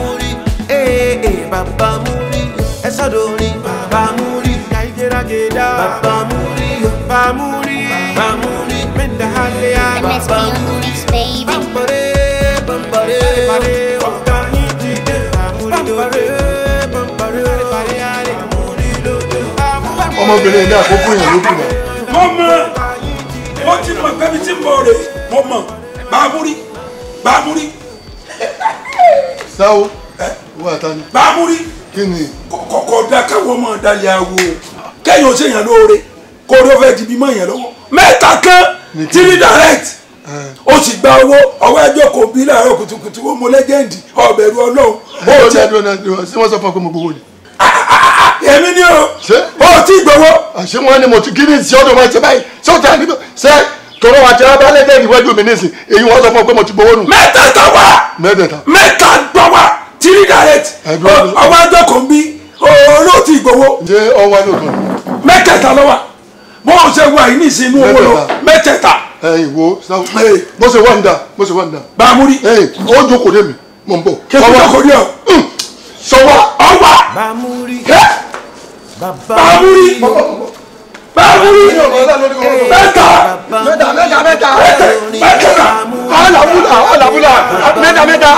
Muri eh eh Baba Muri ẹ sọdọrin Baba Muri Naijera geda Baba Muri Baba Muri Baba Muri menda halea Baba Muri bambare bambare bambare ọmọbìnrin ní àkókò yẹn ló kù náà. mọ́mọ́ wọ́n ti mọ̀ pẹ́bí tí ń bọ̀ rè mọ́mọ́ bàmúrí bàmúrí sáwó wà tá ni. bámúrí kí ni. kọ̀kọ̀ da káwọ́ mọ̀ dalẹ̀ àwò kẹ́yìn ọ̀sẹ̀ yẹn lóore kó o fẹ́ di bí mọ̀ yẹn lọ́wọ́ mẹ́ta kan tiri direct o sì gba owó ọwọ́ ẹjọ́ kò bí láàárọ̀ kùtùkùtù ó mọ lẹ́gẹ̀ndì ọ̀bẹ̀rù ọlọ́run. ó jẹ́ ẹ̀dùn náà ṣé wọ́n sọ fún ọ pé mo gbowó ni ah, ah, ah, èmi ni o o ti gbowó. àṣé wọn ni mo ti kí ni ìṣe ọdún máa ṣe báyìí ṣé o ti àgbẹ̀ ṣe tọrọ àti abalẹ̀ dẹ́rì iwájú mi nísìn èyí wọn sọ fún ọ pé mo ti gbowó nù. mẹ́tẹ̀ẹ̀ta wà mẹ́tẹ̀ẹ̀ta three direct ọwọ́ àjọkọ̀ mi olóòtú ìgbowó mẹ́tẹ̀ẹ̀ta lọ́wọ́ bó o ṣe wà yìí ní ìsinmi owó lọ mẹ́tẹ̀ẹ̀ta. ẹ̀yin wo mo ṣe wá ń da mo ṣe wá ń da. bàmúrí. ẹ̀yin ó jókòó dé mi mo ń bọ̀. kékeré jókòó dé o. sọwọ́ ọwà. bàmúrí. bàmúrí. bàmúrí. mẹ́ta. mẹ́ta mẹ́ta mẹ́ta. mẹ́ta mẹ́ta. alamula alamula mẹ́ta mẹ́ta.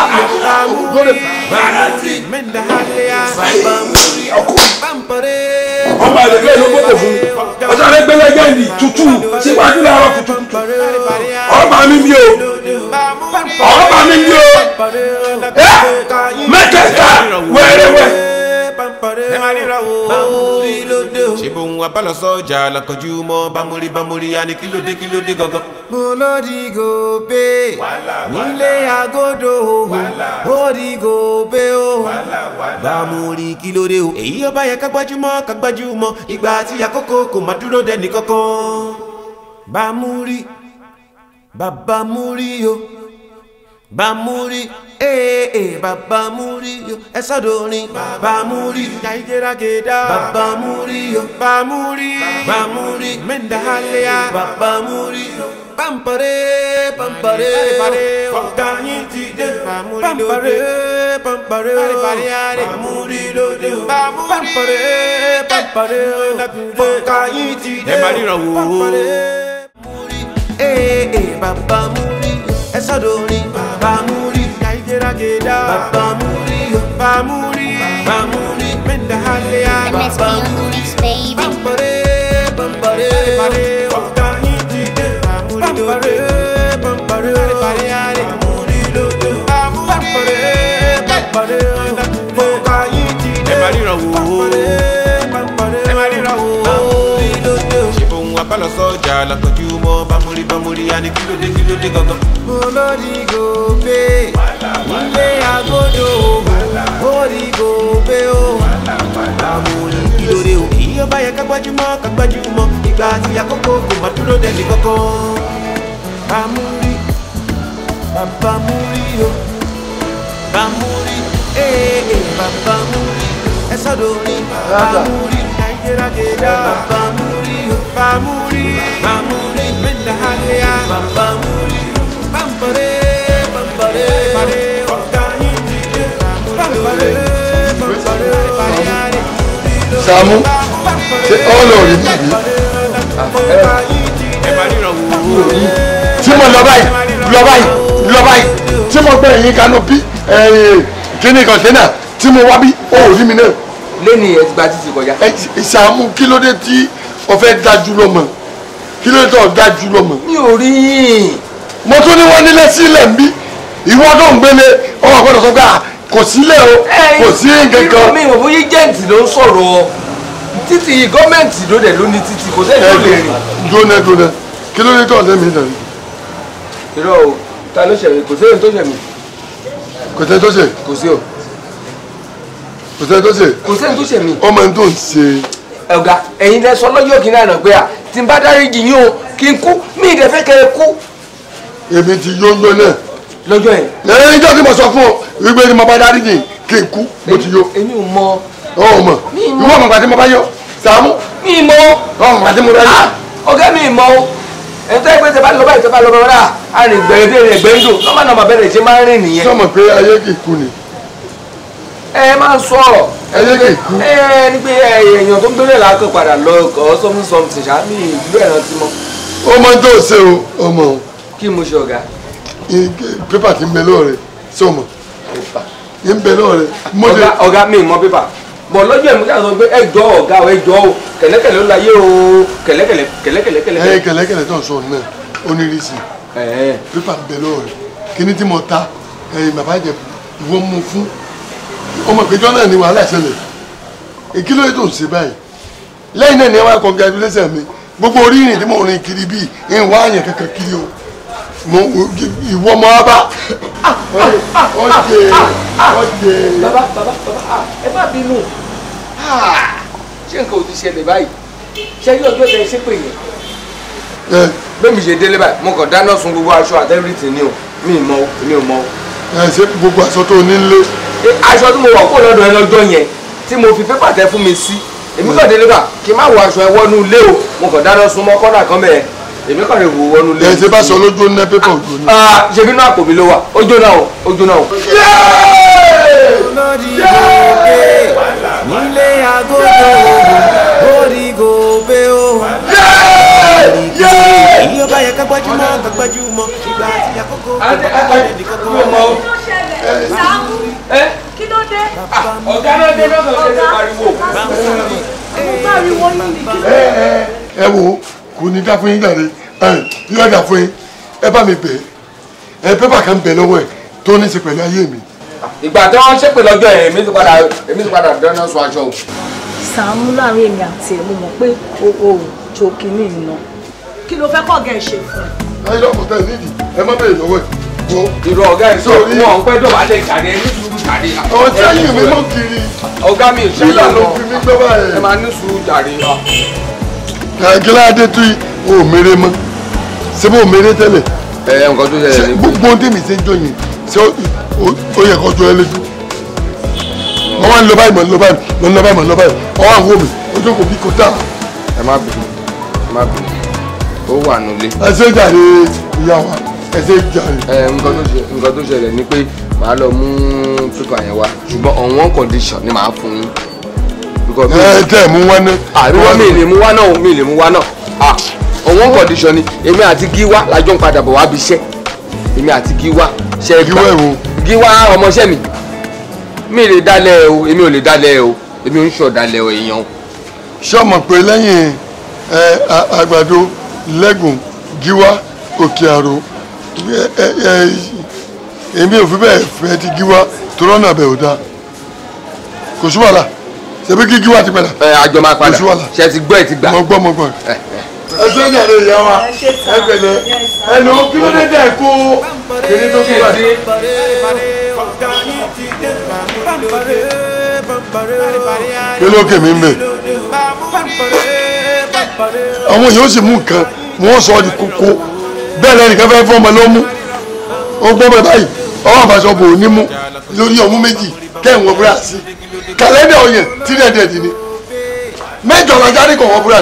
I'm glorified. Vanity. Menda ló gbọ́dọ̀ fún. Ọjọ́ rẹ̀ gbẹ́lẹ́ gẹ́ndì síwájú láàárọ̀ kùtùkùtù. Ọba mi mi o. Ọba mi mi o. Ẹ mẹ́tẹ̀ẹ̀ta wẹ́rẹ́wẹ́ ṣe bó ń wá bálọ̀ sọ́jà làkànjú mọ́ bámúrí bámúrí a ní kílódé kílódé gangan. mo ló di gòbè nílé agodo ó di gòbè ó bámúrí kílódé ó. èyí ó bá yẹ ká gbájúmọ́ ká gbájúmọ́ ìgbà àti àkókò kò má dúró dẹ́ni kankan. bámúrí bàbá múrí o. Bamuri, ee eh, eh, bàbá múrí yo ẹ Bamuri, bàmúrí nàìjíríàgédà bàbámúrí yo Bamuri, Bamuri, mendahalea, bàbámúrí yo pampare pampare ọkàyìn ti dé pampare pampare bàmúrí lóde pampare pampare ọkàyìn ti dé pampare ee eh, bàbámúrí esodori bamuri naigerageda bamuri bamuri bamuri menda halea bamuri bambare bambare ọkàní dìde bamuri lodo bambare bambare ọkàní dìde bambare bambare gangan mo rí ani kí ló dé kí ló dé gangan. olórí gòbè ilé agodo orí gòbè o àmúlò kí ló dé o kì í ọba yẹn kágbájúmọ́ kágbájúmọ́ ìgbà àti àkókò kò má dúró dẹ́ni kankan. bàmúrí bàbámúrí o bàmúrí ee eh, eh, bàbámúrí ẹ sọ́dọ̀ mi bàbámúrí nàìjíríà dé dá bàbámúrí. Bambamuri Bambamuri Minda Halia Bambamuri Bambare Bambare Bambare Bambare Bambare Bambare Bambare Sàámú ṣe ọ̀nà òní bìbí tí mo lọ báyìí lọ báyìí lọ báyìí tí mo gbẹ ẹyin kanú bí kíní kọ̀ǹtẹ́nà tí mo wá bí ó mi náà. lẹ́nu ẹ̀ ti gba títí kọjá. Sàámú kí ló dé tí ọ̀fẹ́ dájú lọ́mọ kí ló tó dájú lọ́mọ. mi ò rí yín. mo tún ní wọ́n nílé sílẹ̀ ń bí ìwọ tó ń gbélé ọmọ àgbọ̀dọ̀ sọ pé ah, kò sílẹ̀ o kò sí nǹkan kan. ẹyin mi ò bóyá jẹ́ǹtì ló ń sọ̀rọ̀ títì gọ́ọ̀mẹ̀ntì ló dẹ̀ ló ní títì kò sẹ́yìn tó lè rìn. dúnẹ dúnẹ kí ló ní tó ọ̀sẹ̀ mi lẹ̀ rí. irọ́ o ta ló ṣe mí kò sẹ́yìn tó ṣe mí. kò sẹ́yìn tó ṣe. kò o. kò sẹ́yìn tó ṣe. kò ọmọ ẹni tó ń ṣe ọ̀gá ẹ̀yin lẹ sọ lọ́jọ́ kìíní àná pé à tí n bá dáríjì yín o kí n kú mí ì dẹ́fẹ́ kẹ́ ẹ kú. èmi ti yó yó náà. lọ́jọ́ yẹn. lẹ́yìn ìjọ tí mo sọ fún ọ wípé ni mo bá dáríjì kí n kú mo ti yó. èmi ò mọ. ọ ò mọ ìwọ ọmọ gbàdé mo bá yọ Sàámú. mi ì mọ. ọmọ gbàdé mo bá yọ. Ah, ọ̀gá mi ì mọ o ẹ̀tọ́ ẹgbẹ́ tẹ bá lọ báyìí tẹ bá lọ báyìí rà á rìn gbẹ̀rẹ̀dẹ̀ rẹ̀ ẹlẹ́dẹ̀ kú. ẹ ẹ ní pé èèyàn tó ń gbélé làákàn padà lọ ọ something something ṣáàmì ìlú ẹ̀rọ ti mọ. ó mọ tó ṣe o ó mọ o. kí mo ṣe ọ̀gá. pépà ti ń bẹ lóore ṣé o mọ. pépà. ń bẹ lóore. ọ̀gá ọ̀gá mi mọ pépà bọ̀ lọ́jọ́ ẹ̀mú sáà sọ pé ẹjọ́ ọ̀gá o ẹjọ́ o kẹ̀lẹ́kẹ̀lẹ́ ló láyé o kẹ̀lẹ́kẹ̀lẹ́ kẹ̀lẹ́kẹ̀lẹ́ kẹ̀lẹ́kẹ̀lẹ́. ẹ kẹ̀lẹ́kẹ̀lẹ́ tó ń sọ náà ó ní rísì pépà ń bẹ lóore kíní tí mo ta ẹ̀yìn bàbá ìjẹ̀bù ìwọ mú fún ọmọ ìpéjọ náà ni wàhálà ṣẹlẹ̀ èkí ló tó ń ṣe báyìí lẹ́yìn náà ni ẹ wá congratulation mi gbogbo orírìn tí mo rìn kiri bíi ń wá àyàn kankan kiri o mo ìwọ ọmọ abá ọjẹ ọjẹ. bàbá bàbá bàbá ẹ má bínú ṣé nǹkan ò ti ṣẹlẹ̀ báyìí ṣé yóò ọjọ́ ìtẹ̀ ṣé pè yẹn. bẹ́ẹ̀ mi ṣe délé báyìí mo kàn dáná sun gbogbo aṣọ àti ni o mi ì mọ o mi ò mọ o. ẹ ṣe gbogbo aṣọ tó o ní lé aṣọ tí mo wọ̀ kó lọ́dọ̀ ẹ lọ́jọ́ yẹn tí mo fi pépà tẹ fún mi sí èmi kàn délé bá kí n má wọ aṣọ ẹ wọnú ilé o mo kàn dáná sun mọ́ kọ́nà kan bẹ́ẹ̀ èmi kàn lè wò wọnú ilé. ẹ bá sọ lójú ní pépà òjò ni. ṣe bí inú àpò mi ló wà ó jóná o ó jóná o. nílé agogo orí gòbè o ìyọba yẹ ká gbajúmọ̀ ká gbajúmọ̀ ìgbà àti àkókò kò bá kálẹ̀ ní kókó ọ̀gá náà dé lọ́sọ̀ ṣe ṣe pariwo. ẹ wo kò ní dá fún yín dàrí yóò dá fún yín ẹ bá mi bẹ̀ ẹ pépà kan bẹ̀ lọ́wọ́ ẹ tó ní í ṣe pẹ̀lú ayé mi. ìgbà tí wọ́n ṣépè lọ́jọ́ ẹ̀ èmi ti padà èmi ti padà dáná sun aṣọ o. Sàámú láàrin èmi àti ẹ̀ mo mọ̀ pé owó òjò kìíní ìná kí ló fẹ́ kọ́ ọ̀gá ṣe ayé lọ́kọ̀ọ́ta ẹ̀ nídìí ẹ má bẹ̀rẹ̀ lọ́wọ́ ẹ̀ wo. ìrọ̀ ọ̀gá ẹ̀ sọ fún ọ̀ ń pẹ́ dọ̀bálẹ̀ ìkàdé ní sùúrù ìkàdé. ọ̀ sẹ́yìn mi mọ̀ kiri. ọ̀gá mi ìṣẹ́ ìlànà ló fi ẹ máa ní sùúrù jàre. kàgílá adé tún mèrè mọ́ ṣé mèrè tẹ́lẹ̀. ẹ ẹ nǹkan tó yẹ ẹ ní. gbogbo ohun tèmi ṣe ń jọ yẹn ṣé ó yẹ kó jọ ẹ lójú. wọ́n wá ń lọ báyìí mọ̀ ń lọ báyìí mọ̀ ń lọ báyìí mọ̀ ń lọ báyìí ọwọ́ àwọn omi ojú kò bí kò tà. ẹ má bínú ẹ má bínú ó wà nulẹ̀. ẹ ṣe jàre ìyá wa ẹ ṣe jàre. ẹ nǹkan tó ṣẹlẹ̀ ni pé màá lọ mú pípa yẹn wá ṣùgbọ́n on one condition ni màá fún yín. ẹ tẹ mú wá náà. àríwọ́ mi lè mú wá náà mi lè mú wá náà on one condition ni èmi àti Gíwá lájọ ń padà bọ̀ wá bí iṣẹ́ èmi àti Gíwá ṣe é gbà Gíwá ọmọọṣẹ́ mi mi lè dalẹ̀ o èmi ò lè dalẹ̀ o èmi ò ń ṣọ̀dalẹ̀ o èèyàn o. ṣé o mọ̀ pé àgbàdo lẹ́gùn Gíwá òkè àrò èmi ò fi bẹ́ẹ̀ fẹ́ ti gíwá tó rọ́nà bẹ̀ ò dáa kò sí wàhálà ṣebí kí gíwá ti padà. kò sí wàhálà ṣe ti gbọ́ ẹ ti gbà. mo gbọ́ mo gbọ́. ẹ ṣe ń yàrá ìyá wa ẹ pẹ̀lẹ́ ẹ lọ kí ló dé dẹ kó kiri tó kí wà. kí ló kè mí ń àwọn yóò sì mú nǹkan wọ́n sọ ọ́ di kókó bẹ́ẹ̀ lẹ́nìkan fẹ́ fọ́ ọmọ ló mú ó gbọ́ bẹ́ẹ̀ báyìí ọwọ́ àfàṣọ́bù ò ní mú lórí ọmú méjì kẹ́hìn wọ búra sí kàlẹ́dà ọ̀yàn tí dì ní mẹ́jọ lajárì kọ̀ wọ búra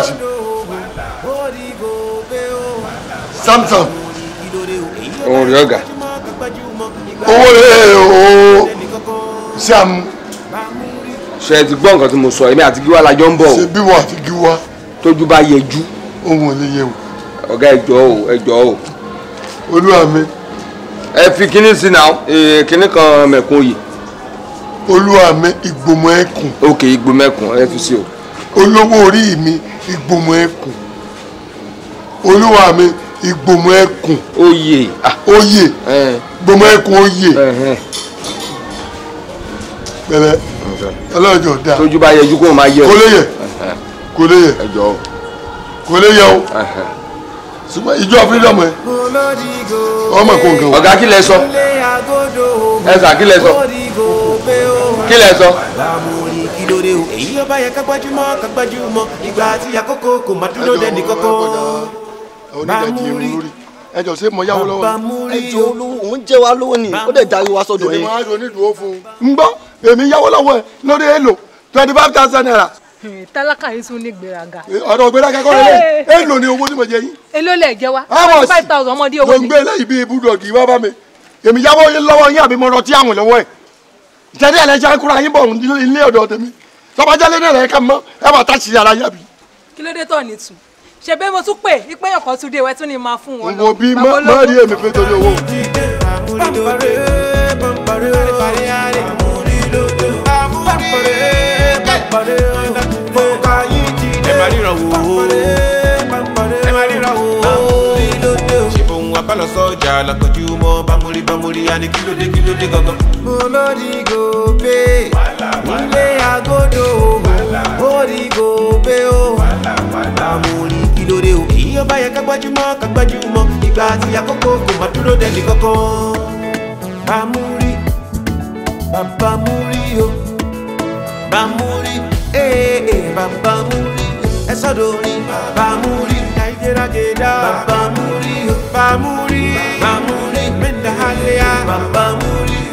samson. òun rí ọ̀gá. owó rẹ̀ eh, o ṣé àmú. ṣe ti gbọ́ nǹkan tí mo sọ èmi àti gíwá la jọ ń bọ̀ o. ṣe bí wọn àti gíwá. tójú bá yẹjú. ohun ò lè yẹ o ọ̀gá ẹjọ́ o ẹjọ́ o. olúwa mi. ẹ fi kinní sí náà kinní kan mẹ̀kún yìí. olúwa mi ìgbòmọ ẹkùn. ok ìgbòmọ ẹkùn ẹ fi sí o. olówó orí mi ìgbòmọ ẹkùn. olúwa mi ìgbòmọ ẹkùn. oyè. Ah. oyè gbòmọ ẹkùn oyè. bẹ̀rẹ̀ ọlọ́jọ́ da. tójú bá yẹ ju kó o máa yẹ o. kò lè yẹ kò lè yẹ kò lè yẹ o ṣùgbọ́n ìjọ freedom ẹ ọmọ kò nǹkan. ọ̀gá kí lẹ sọ ẹ sà kí lẹ sọ kí lẹ sọ. èyí ló bá yẹ ká gbájúmọ́ ká gbájúmọ́ ìgbà àti àkókò kò má dúró dẹ́ni kọ́kọ́. bàmúrí ẹjọ ṣe mọ yáwó lọ́wọ́. ẹjọ òun jẹ wa lówó ó dẹ̀ darí wa sọ́dọ̀ yẹn. èmi máa ń ẹ lórí èlò twenty five thousand naira Eh, tálákà yìí tún ní gbéraga. Eh, ọ̀rọ̀ gbéraga kọ́ lẹ́yìn èlò eh. ni owó tí mo jẹ yín. èlò lẹ̀ jẹ́ wa five thousand ọmọdé owó ni. ló e lẹ́yìn bíi búdọ̀gì wá bá mi èmi yáwó yín lọ́wọ́ yín àbí mo rọtí àwọn lọ́wọ́ ẹ̀ jẹ́rí ẹ̀ lẹ́jà kúra yín bọ̀ ilé ọ̀dọ̀ tèmi tọ́bajálẹ̀ náà lẹ́ka mọ́ ẹ bá tá sí ara yàbí. kí tọ̀ ọjà lọ́kọ̀jú mọ́ bámúrí bámúrí a ní kílódé kílódé gangan. olórí gòbè ilé agodo orí gòbè o bámúrí kílódé o èyí ọba yẹn kágbájúmọ́ kágbájúmọ́ ìgbà àti àkókò kò má dúró dẹ́ni kankan. bámúrí bàbámúrí o bámúrí ee eh, eh, bàbámúrí ẹ sọ́dọ̀ orin bàbámúrí nàìjíríà jẹ̀dá bàbámúrí o bàmúrí. Adria